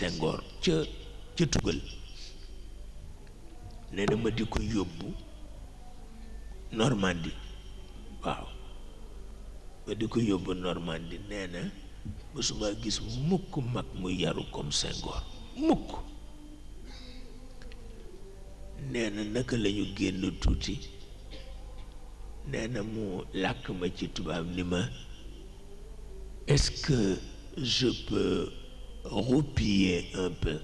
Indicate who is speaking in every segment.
Speaker 1: Senghor ca ca tugal nee na ma di ko yóbbu Normandie waaw ma di ko yóbbu Normandie nee na mësuma gis mukk mag mu yaru comme Senghor mukk nee naka la génn tuuti nee na mu làkk ma ci tubaab ni ma est-ce roupiller un peu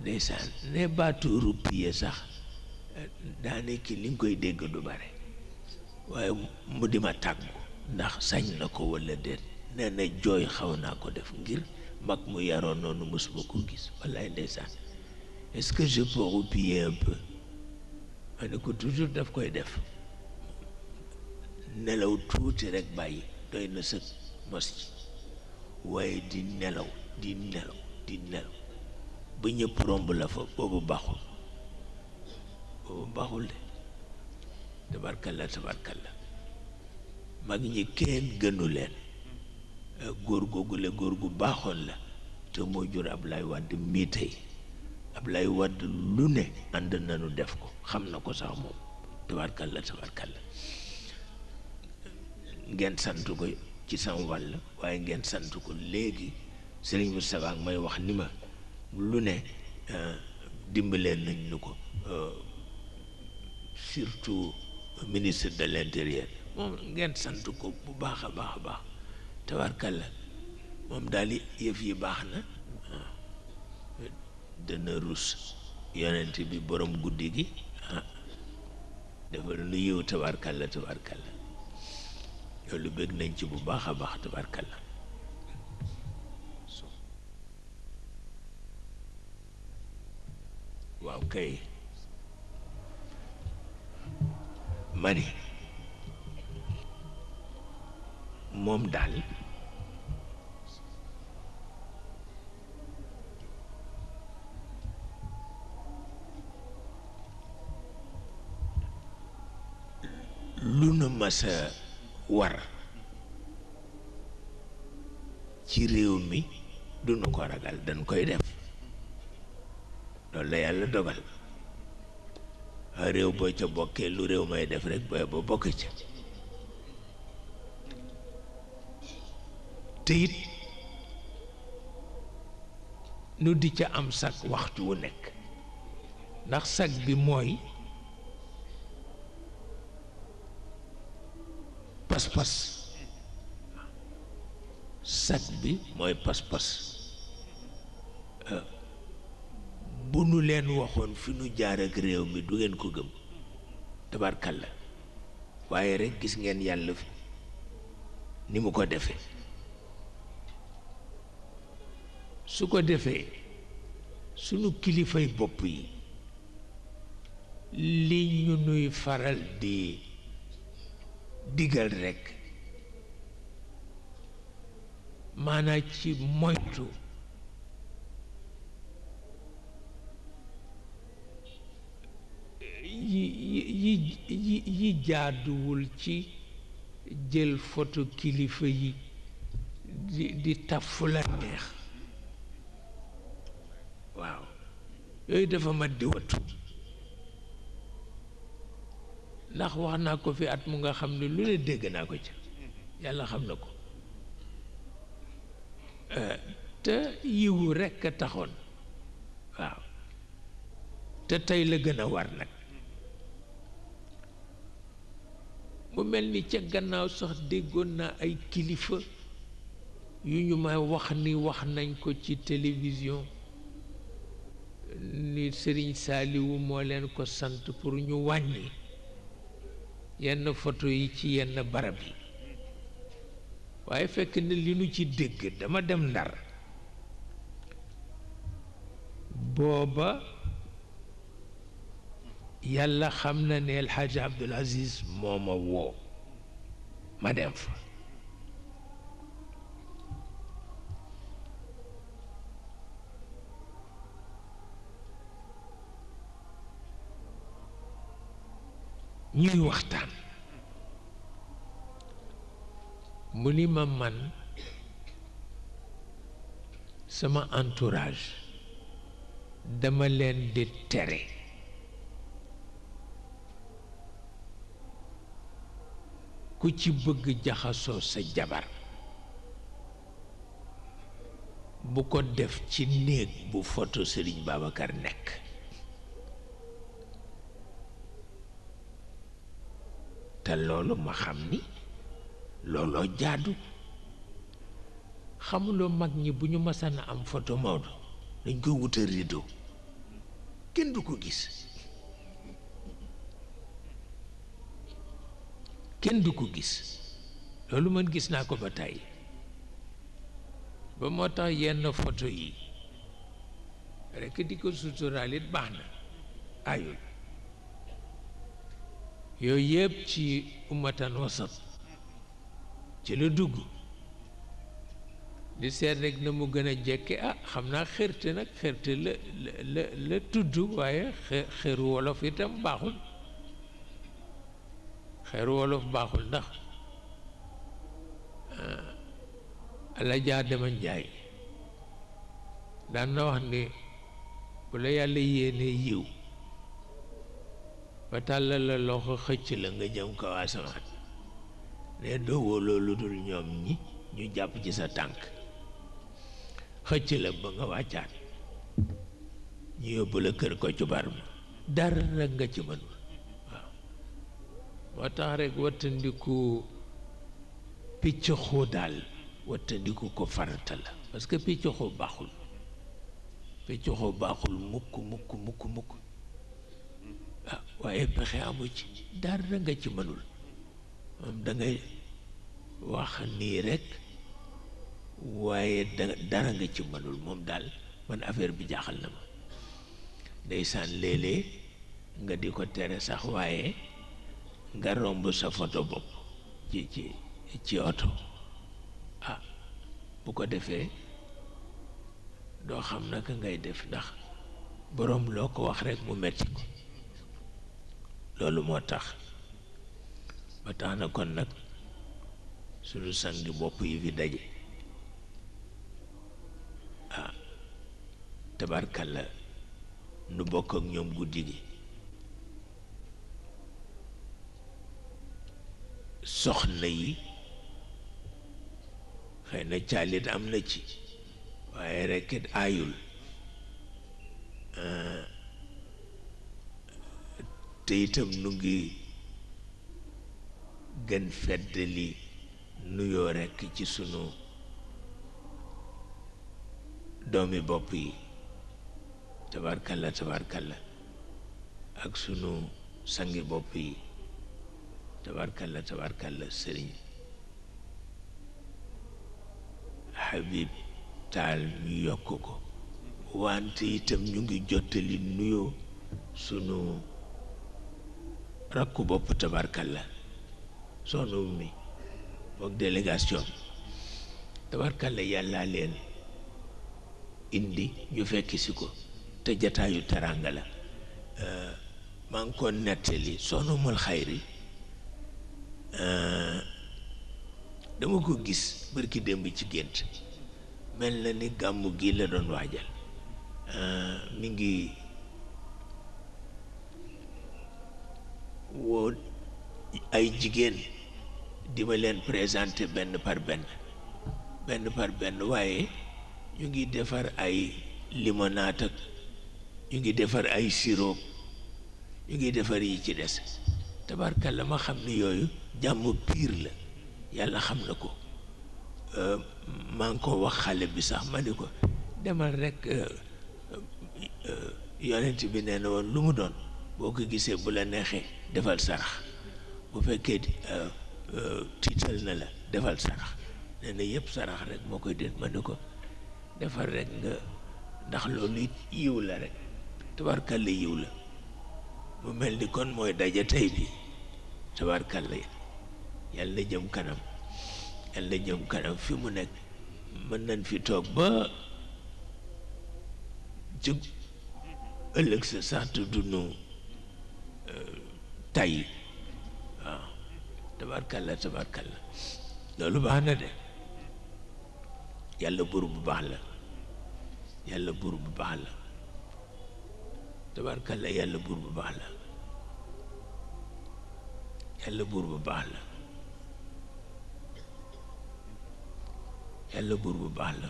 Speaker 1: ndeysaan ne baatu roupiller sax daanaka li nga koy dégg du bare waaye mu di ma tàggu ndax sañ na ko walla déet nee na jooy xaw naa ko def ngir mag mu yaroon noonu mosuma ko gis wallaay ndeysaan est-ce que je peux roupiller peu ma ne ko toujours daf koy def nelaw tuuti rekk bàyyi doy na sëg mos ci waaye di nelaw di nelaw di nelaw ba ñëpp romb la fa boobu baaxul boobu baaxul de tabarkalla tabarkalla mag ñi kenn gënu leen eh, góor góor gu baaxoon la te moo jur Ablaye Wade mii tey Ablaye Wade lu ne ànd nañu def ko xam na ko sax moom tabarkalla tabarkalla ngeen sant ko ci sama wàll waaye ngeen sant ko léegi sëriñ Moustapha ak may wax ni ma lu ne euh, dimbaleen nañ nu ko euh, surtout ministre de l'intérieur moom ngeen sant ko bu baax a baax a baax tabarkalla moom daal yëf yi baax na euh, dana rus yonent bi borom guddi gi ah, dafa nu yiw tabarkalla tabarkalla lu bëgg nañ ci bu baax a baax tabarkalla waaw kay ma moom daal lu na masa war ci réew mi dunu ko ragal dañ koy def loolu la yàlla dogal réew boo ca bokkee lu réew may def rek booy ba bokk ca te it nu di ca am sag waxtu wu nekk ndax sag bi mooy pas-pas sag bi mooy pas-pas euh, bu nu leen waxoon fi nu jaar ak réew mi du ngeen ko gëm tabarkalla waaye rekk gis ngeen yàlla fi ni mu ko defee su ko defee sunu kilifay bopp yi li ñu nuy faral di digal rekk maanaam ci moytu yi yi yi yi jaaduwul ci jël foto kilifa yi di di taf la neex waaw yooyu dafa mat di ndax wax naa ko fi at mu nga xam ne lu ne dégg naa ko ci yàlla xam na ko euh, te yiwu rekk a taxoon waaw te tey la gën a war nag mu mel ni ca gannaaw sax déggoon naa ay kilifa yu ñu may wax ni wax nañ ko ci télévision ni sëriñ Saliou moo leen ko sant pour ñu wàññi yenn photo yi ci yenn barab yi waaye fekk na li nu ci dégg dama dem ndar booba yàlla xam na ne El Hadj Abdoul Aziz moo ma woo ma dem fa ñuy waxtaan mu ni ma man sama entourage dama leen di tere ku ci bëgg jaxasoo sa jabar bu ko def ci néeg bu foto Serigne Babacar nekk te loolu ma xam ni looloo jaadu xamuloo mag ñi bu ñu masaan am photo Maodo dañ koy wutal rideau kenn du ko gis kenn gis loolu man gis naa ko ba tàyyi ba moo tax yenn photo yi rekk di ko suturaalit baax na ayul yooyu yëpp ci ummatan wasat ci lu dugg di seet rek na mu gën a jekke ah xam naa xërte nag xërte la la la tudd waaye xëru wolof itam baaxul xëru wolof baaxul ndax la jaa njaay daan na wax ni bu la yàlla yéenee yiw ba tàllal loxo xëcc la nga jëm kaw asamaan ne doowoo loolu dul ñoom ñi ñu jàpp ci sa tànk xëcc la ba nga wàccaat ñu yóbbu la kër ko cubar bi dara nga ci mën waaw moo tax rek wattandiku picc daal wattandiku ko farata la parce que picc xoo baaxul picc baaxul mukk mukk mukk waaye pexe amu ci dara nga ci mënul moom dangay wax nii rekk waaye dara nga ci mënul moom daal man affaire bi jaaxal na ma ndeysaan léeg-léeg nga di ko tere sax waaye nga romb sa photo bopp ci ci ci oto ah bu ko defee doo xam naka ngay def ndax boroom loo ko wax rekk mu metti ko loolu moo tax ba tax na kon nag suñu sangi bopp yi fi daje ah tabarkalla nu bokk ak ñoom guddi gi soxna yi xëy na caalit am na ci waaye rekk aayul ah, te itam nu ngi gën fedd li nuyoo rekk ci sunu doomi bopp yi tabarkalla tabarkalla ak sunu sangi bopp yi tabarkalla tabarkalla sëriñ Habib Taal ñu yokk ko wante itam ñu ngi jottali nuyoo sunu rakku bopp tabarkalla soxna ummi boog délégation tabarkalla yàllaa leen indi ñu fekk si ko te jataayu teraanga la euh, maa ngi ko nettali soxna xayri euh, dama ko gis bërki démb ci gént mel na ni gàmmu gi la doon waajal euh, mi ngi woo ay jigéen di ma leen présenté benn par benn benn par benn waaye ñu ngi defar ay limonade ak ñu ngi defar ay sirop ñu ngi defar yi ci des la ma xam ni yooyu jàmm piir la yàlla xam na ko euh, maa ngi ko wax xale bi sax ma ni ko demal rek euh, euh, yonent bi nee na woon lu mu doon boo ko gisee bu la neexee defal sarax bu fekkee euh, euh, tiital na la defal sarax nee yépp yëpp sarax rek moo koy déet ma ne ko defar rek nga ndax loolu it yiw la rek tabarkalla yiw la mu mel ni kon mooy daje tey bi tabarkalla yàlla na jëm kanam yàlla na jëm kanam fi mu nekk mën nañ fi toog ba jóg ëllëg sa sax du nu tay waaw ah, tabarkalla tabarkalla lu baax na de yàlla buur bu la yàlla buur bu baax la tabarkalla yàlla buur bu baax la yàlla buur bu baax la yàlla buur bu baax la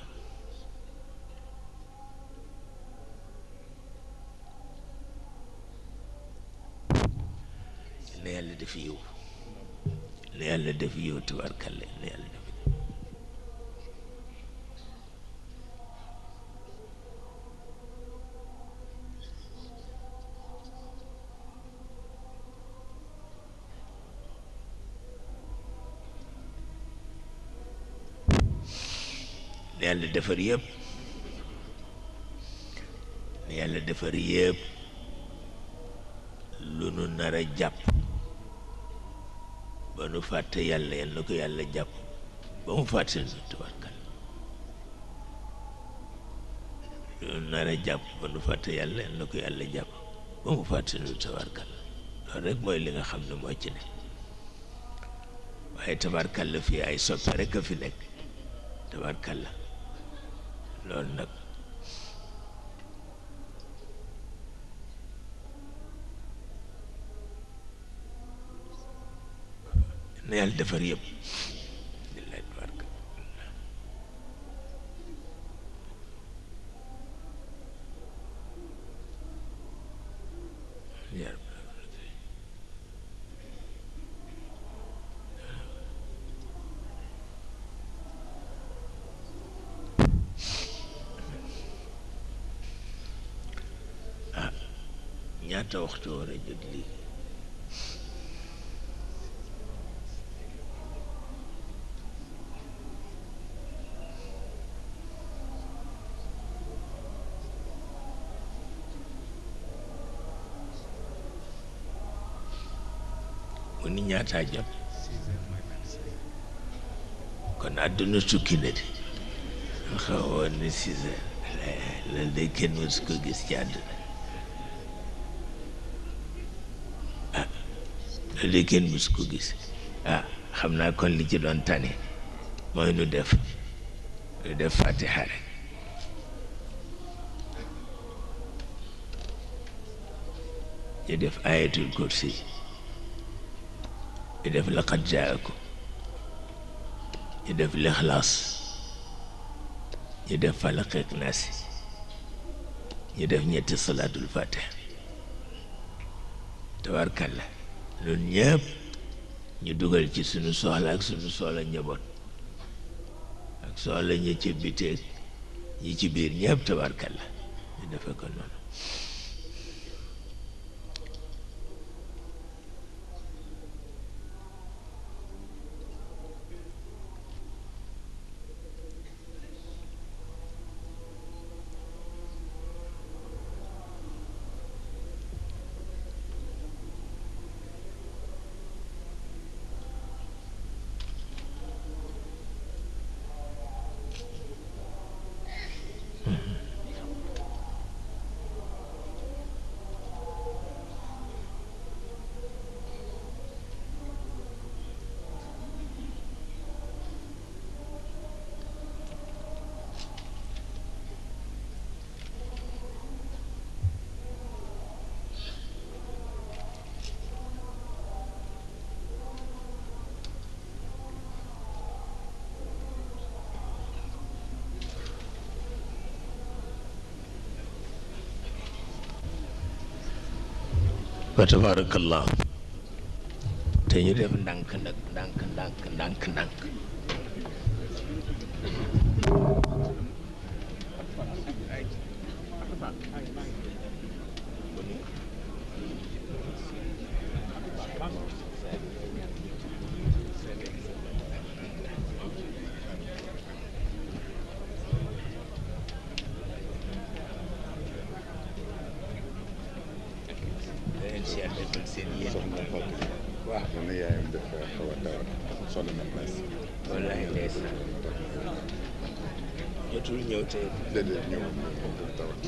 Speaker 1: def yàlla def yiw tubarkalla yàlla defar yëpp na yàlla defar yëpp lu nu nar jàpp ba nu fàtte yàlla yàlla na yàlla jàpp ba mu ko yàlla jàpp ba mu fàtte nu tabarkal loolu rek mooy li nga xam ne moo ne waaye tabarkal la fii ay soppe rek a fi nekk tabarkal la loolu nag na yàlla defar yëpp ñaata waxtu war a jot lii mu ni ñaataa jot kon àdduna sukki na di xaw woon ni six heures ko gis ci àdduna ah loolu day kenn mësu ko gis ah xam naa kon li ci doon tane mooy nu def nu def fatiha rek ñu def ayatul kursi ñu def laqad jaakum ñu def lexlas ñu def falaq ak ñu def ñetti salaatul fatih tabarkalla loolu ñëpp ñu dugal ci sunu soxla ak suñu soxla njaboot ak soxla ñi ci biteeg ñi ci biir ñëpp tabarkalla ñu defe ko noonu fa tabarakallah te ñu def ndànk nag ndànk ndànk ndànk ndànk man na yaayam dafa xaw a tawat sonn na place wallaahi ndeysaan jotul ñëw tey déedéet ñëw tawat